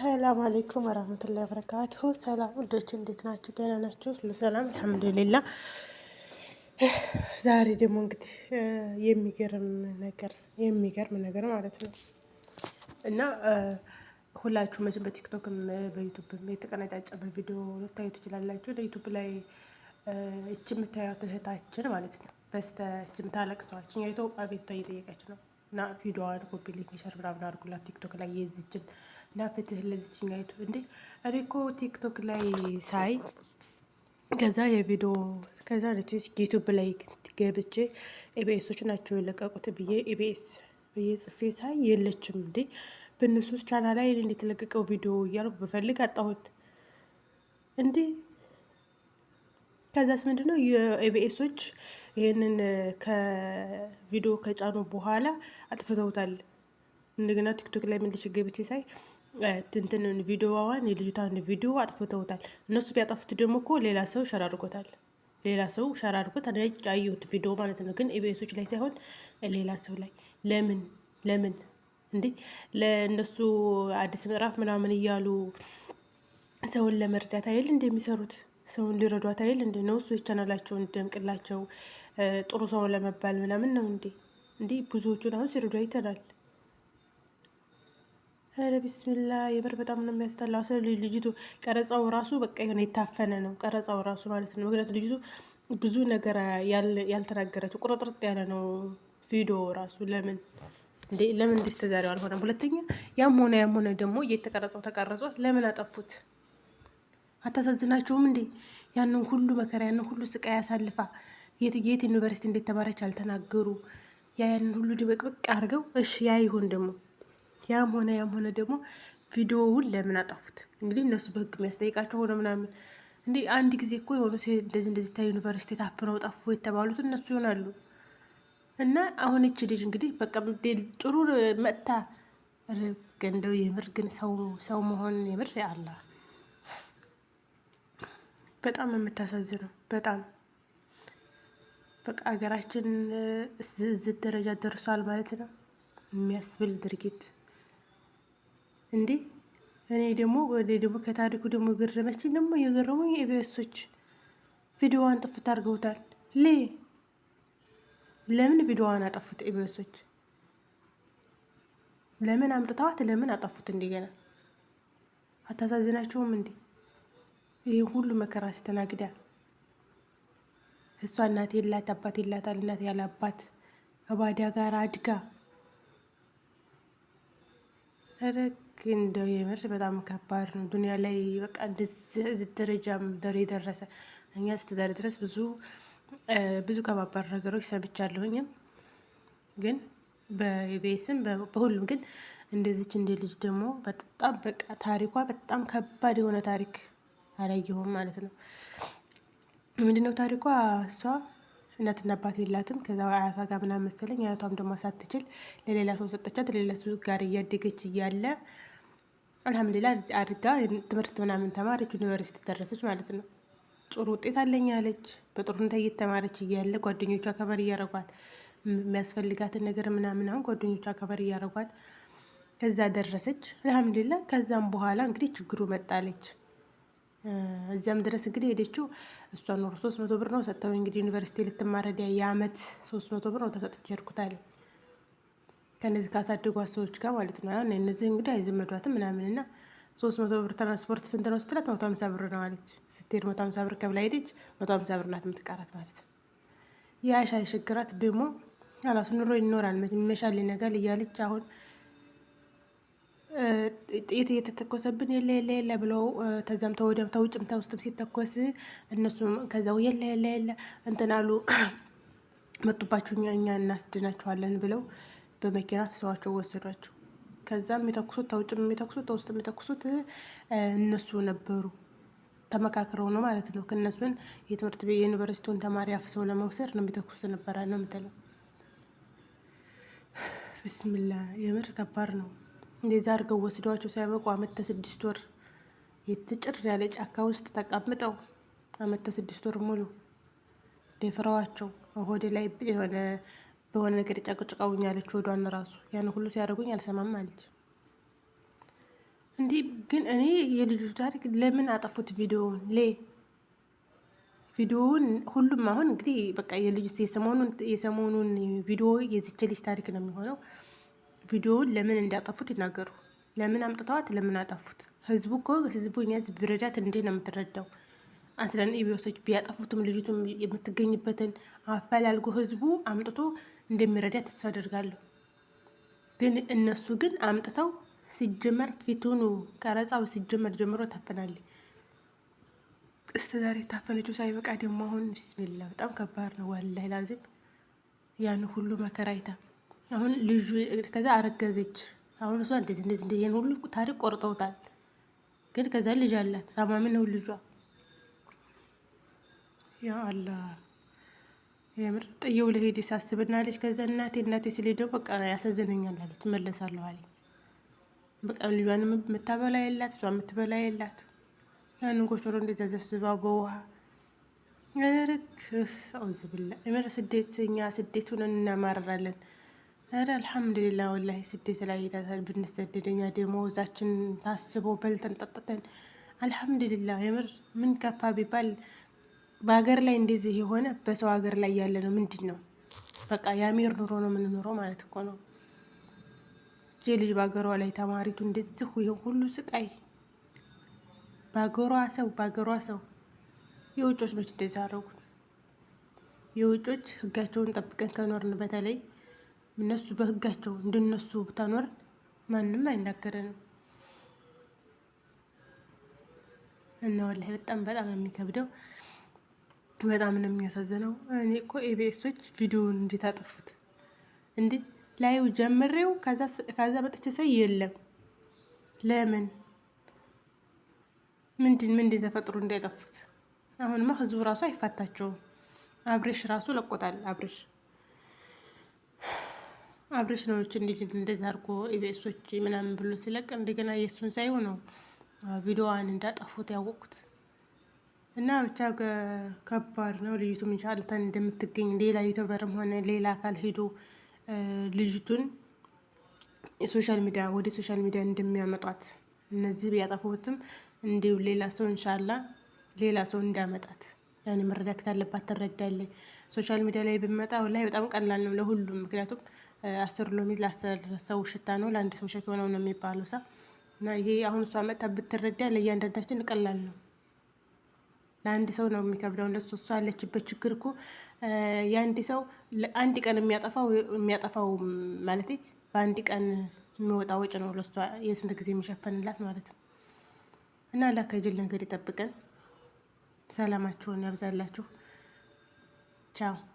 ሰላም አለይኩም ወራህመቱላሂ ወበረካቱሁ። ሰላም ውዶች እንዴት ናችሁ? ደህና ናችሁ? ሁሉ ሰላም አልሐምዱሊላ። ዛሬ ደግሞ እንግዲህ የሚገርም ነገር የሚገርም ነገር ማለት ነው እና ሁላችሁ መቼም በቲክቶክም በዩቱብም የተቀነጫጨበ ቪዲዮ ልታዩ ትችላላችሁ። ለዩቱብ ላይ እች የምታዩት እህታችን ማለት ነው በስተ እች የምታለቅሰዋችን የኢትዮጵያ ቤቷ እየጠየቀች ነው እና ቪዲዮዋን ኮፒ ሊንክ ሸር ምናምን አድርጉላት ቲክቶክ ላይ የዚችን ላፍትህ ለዚችኛይቱ እንዴ እኔ እኮ ቲክቶክ ላይ ሳይ ከዛ የቪዲዮ ከዛ ለትስ ዩቱብ ላይ ገብቼ ኢቢኤሶች ናቸው የለቀቁት ብዬ ኢቢኤስ ብዬ ጽፌ ሳይ የለችም እንዴ በእነሱ ቻና ላይ የተለቀቀው ቪዲዮ እያልኩ በፈልግ አጣሁት እንዴ ከዛስ ነው የኢቢኤሶች ይህንን ከቪዲዮ ከጫኑ በኋላ አጥፍተውታል። እንደገና ቲክቶክ ላይ መልሼ ገብቼ ሳይ ትንትንን ቪዲዮዋን የልጅቷን ቪዲዮ አጥፍተውታል። እነሱ ቢያጠፉት ደግሞ እኮ ሌላ ሰው ሸር አድርጎታል። ሌላ ሰው ሸር አድርጎት ያየሁት ቪዲዮ ማለት ነው። ግን ኢቢኤሶች ላይ ሳይሆን ሌላ ሰው ላይ ለምን ለምን እንዴ ለእነሱ አዲስ ምዕራፍ ምናምን እያሉ ሰውን ለመርዳት አይል የሚሰሩት ሰውን ሊረዷት አይል እንደ ነው እሱ የቻናላቸው ጥሩ ሰውን ለመባል ምናምን ነው እንዴ እንዴ ብዙዎቹን አሁን ሲረዱ አይተናል። ረ ቢስሚላ የምር በጣም ነው የሚያስጠላው። ስለ ልጅቱ ቀረጻው ራሱ በቃ የሆነ የታፈነ ነው ቀረጻው ራሱ ማለት ነው። ምክንያቱ ልጅቱ ብዙ ነገር ያልተናገረችው ቁርጥርጥ ያለ ነው ቪዲዮ ራሱ። ለምን ለምን እንዲህ ተዛሬው አልሆነም? ሁለተኛ ያም ሆነ ያም ሆነ ደግሞ እየተቀረጸው ተቀረጿ ለምን አጠፉት? አታሳዝናችሁም እንዴ? ያንን ሁሉ መከራ ያንን ሁሉ ስቃይ ያሳልፋ የት ዩኒቨርሲቲ እንደተማረች አልተናገሩ። ያ ያንን ሁሉ ድብቅብቅ አድርገው እሺ ያ ይሆን ደግሞ ያም ሆነ ያም ሆነ ደግሞ ቪዲዮውን ለምን አጠፉት? እንግዲህ እነሱ በህግ የሚያስጠይቃቸው ሆነ ምናምን እንዲ አንድ ጊዜ እኮ የሆኑ እንደዚህ እንደዚህ ዩኒቨርሲቲ ታፍነው ጠፉ የተባሉት እነሱ ይሆናሉ። እና አሁንች ልጅ እንግዲህ በቃ ጥሩ መጥታ ገንደው የምር ግን ሰው መሆን የምር አላ በጣም የምታሳዝነው በጣም በቃ ሀገራችን እዚህ ደረጃ ደርሷል ማለት ነው የሚያስብል ድርጊት እንዴ እኔ ደግሞ ወደ ደግሞ ከታሪኩ ደግሞ የገረመችኝ ደግሞ የገረሙኝ ኢቢኤሶች ቪዲዮዋን ጥፍት አድርገውታል። ሌ ለምን ቪዲዮዋን አጠፉት? ኢቢኤሶች ለምን አምጥተዋት ለምን አጠፉት? እንደገና አታሳዝናቸውም እንዴ? ይህ ሁሉ መከራ አስተናግዳ እሷ እናት የላት አባት የላታል። እናት ያለ አባት ከባዳ ጋር አድጋ ግን እንደው የምር በጣም ከባድ ነው። ዱኒያ ላይ በቃ እንደዚህ ደረጃ ደረ የደረሰ እኛ እስከዛሬ ድረስ ብዙ ብዙ ከባባድ ነገሮች ሰምቻለሁኝም፣ ግን በቤስም በሁሉም ግን እንደዚች እንደ ልጅ ደግሞ በጣም በቃ ታሪኳ በጣም ከባድ የሆነ ታሪክ አላየሁም ማለት ነው። ምንድነው ታሪኳ? እሷ እናትና አባት የላትም። ከዛ አያቷ ጋር ምናምን መሰለኝ። አያቷም ደግሞ ሳትችል ለሌላ ሰው ሰጠቻት። ለሌላ ሰው ጋር እያደገች እያለ አልሐምዱሊላ አድጋ ትምህርት ምናምን ተማረች፣ ዩኒቨርሲቲ ደረሰች ማለት ነው። ጥሩ ውጤት አለኝ አለች። በጥሩ ሁኔታ እየተማረች እያለ ጓደኞቿ ከበር እያረጓት የሚያስፈልጋትን ነገር ምናምን አሁን ጓደኞቿ ከበር እያረጓት ከዛ ደረሰች አልሐምዱሊላ። ከዛም በኋላ እንግዲህ ችግሩ መጣለች። እዚያም ድረስ እንግዲህ ሄደችው እሷ ኖር ሶስት መቶ ብር ነው ሰጥተው እንግዲህ ዩኒቨርሲቲ ልትማረዲያ የአመት ሶስት መቶ ብር ነው ተሰጥቼ ሄድኩት አለኝ ከነዚህ ካሳደጓት ሰዎች ጋር ማለት ነው። አሁን እነዚህ እንግዲህ አይዘመዷትም ምናምን እና ሶስት መቶ ብር ትራንስፖርት ስንት ነው ስትላት መቶ ሀምሳ ብር ነው አለች። ስትሄድ መቶ ሀምሳ ብር ከብላ ሄደች። መቶ ሀምሳ ብር ናት የምትቀራት ማለት ነው። የአሻ የሸግራት ደግሞ አላሱ ኑሮ ይኖራል መሻል ይነጋል እያለች አሁን ጥይት እየተተኮሰብን የለ የለ የለ ብለው ተዛም ተወደም ተውጭም ተውስጥም ሲተኮስ እነሱም ከዛው የለ የለ የለ እንትን አሉ መጡባችሁ፣ እኛ እናስድናችኋለን ብለው በመኪና ፍሰዋቸው ወሰዷቸው። ከዛ የሚተኩሱት ተውጭ የሚተኩሱት ተውስጥ የሚተኩሱት እነሱ ነበሩ። ተመካክረው ነው ማለት ነው። ከእነሱን የትምህርት ቤት የዩኒቨርሲቲውን ተማሪ አፍሰው ለመውሰድ ነው የሚተኩሱት ነበረ ነው የምትለው። ብስምላ የምር ከባድ ነው። እንደዛ አድርገው ወስደዋቸው ሳይበቁ አመት ተስድስት ወር የትጭር ያለ ጫካ ውስጥ ተቀምጠው አመት ተስድስት ወር ሙሉ ደፍረዋቸው ሆዴ ላይ የሆነ በሆነ ነገር ጨቅጭቃውኝ ያለች ወዷን ራሱ ያን ሁሉ ሲያደርጉኝ አልሰማም አለች። እንዲህ ግን እኔ የልጁ ታሪክ ለምን አጠፉት? ቪዲዮውን ሌ ቪዲዮውን ሁሉም አሁን እንግዲህ በቃ የልጁ የሰሞኑን ቪዲዮ የዚች ልጅ ታሪክ ነው የሚሆነው። ቪዲዮውን ለምን እንዳጠፉት ይናገሩ። ለምን አምጥተዋት ለምን አጠፉት? ህዝቡ እኮ ህዝቡ ህዝብ ብረዳት እንዴ ነው የምትረዳው? አስለን ኢቢሶች ቢያጠፉትም ልጅቱም የምትገኝበትን አፈላልጎ ህዝቡ አምጥቶ እንደሚረዳ ተስፋ አደርጋለሁ። ግን እነሱ ግን አምጥተው ሲጀመር ፊቱኑ ቀረጻው ሲጀመር ጀምሮ ታፈናለች። እስከ ዛሬ ታፈነችው ሳይበቃ ደግሞ አሁን ብስሚላ በጣም ከባድ ነው። ዋላ ላዚም ያን ሁሉ መከራ አይታ አሁን ልጁ ከዛ አረገዘች። አሁን እሷ እንደዚህ እንደዚህ እንደዚህ ሁሉ ታሪክ ቆርጠውታል። ግን ከዛ ልጅ አላት ታማሚ ነው ልጇ። ያ አላህ የምር ጥየው ለሄድ ሳስብና ከዛ እናቴ እናቴ ስሌደው በቃ ያሳዝነኛል አለች። መለሳለሁ አለኝ። በቃ ልጇን የምታበላ የላት እሷ የምትበላ የላት። ያንን ጎሾሮ እንደዛ ዘፍስባ በውሃ ርክ አውዝ ብላ የምር ስደት እኛ ስደት ሆነን እናማርራለን። ረ አልሐምዱሊላ ወላሂ ስደት ላይ ብንሰደደኛ ደሞዛችን ታስቦ በልተን ጠጥተን አልሐምዱሊላ። የምር ምን ከፋ ቢባል በሀገር ላይ እንደዚህ የሆነ በሰው ሀገር ላይ ያለ ነው። ምንድን ነው በቃ የአሚር ኑሮ ነው የምንኖረው ማለት እኮ ነው። ልጅ በሀገሯ ላይ ተማሪቱ እንደዚህ ሁሉ ስቃይ በሀገሯ ሰው በሀገሯ ሰው የውጮች ነች እንደዚህ አደረጉት። የውጮች ህጋቸውን ጠብቀን ከኖርን በተለይ እነሱ በህጋቸው እንድነሱ ተኖር ማንም አይናገረንም። እና ወላሂ በጣም በጣም የሚከብደው በጣም ነው የሚያሳዝነው። እኔ እኮ ኤቢኤሶች ቪዲዮን እንዴት አጠፉት እንዴ? ላዩ ጀምሬው ከዛ መጥቼ ሳይ የለም። ለምን ምንድን ምንድን ተፈጥሮ እንዳይጠፉት? አሁንማ ህዝቡ ራሱ አይፋታቸውም። አብሬሽ ራሱ ለቆታል። አብሬሽ አብሬሽ ነው እንዴት እንደዛ አድርጎ ኤቤሶች ምናምን ብሎ ሲለቅ እንደገና የእሱን ሳይሆን ነው ቪዲዮዋን እንዳጠፉት ያወቁት። እና ብቻ ከባድ ነው። ልጅቱም ኢንሻላህ እንደምትገኝ ሌላ ዩቱበርም ሆነ ሌላ አካል ሄዶ ልጅቱን ሶሻል ሚዲያ ወደ ሶሻል ሚዲያ እንደሚያመጧት እነዚህ ቢያጠፉትም እንዲሁ ሌላ ሰው እንሻላ ሌላ ሰው እንዳመጣት ያን መረዳት ካለባት ትረዳለች። ሶሻል ሚዲያ ላይ ብመጣ ላይ በጣም ቀላል ነው ለሁሉም። ምክንያቱም አስር ሎሚ ለአስር ሰው ሽታ ነው ለአንድ ሰው ሸክ ሆነው ነው የሚባለው ሳ እና ይሄ አሁን እሷ መጣ ብትረዳ ለእያንዳንዳችን ቀላል ነው። ለአንድ ሰው ነው የሚከብደው። እንደሱ እሷ ያለችበት ችግር እኮ የአንድ ሰው አንድ ቀን የሚያጠፋው የሚያጠፋው ማለት በአንድ ቀን የሚወጣ ወጭ ነው ለሷ የስንት ጊዜ የሚሸፈንላት ማለት ነው። እና አላህ ከጅል ነገር ይጠብቀን፣ ሰላማችሁን ያብዛላችሁ። ቻው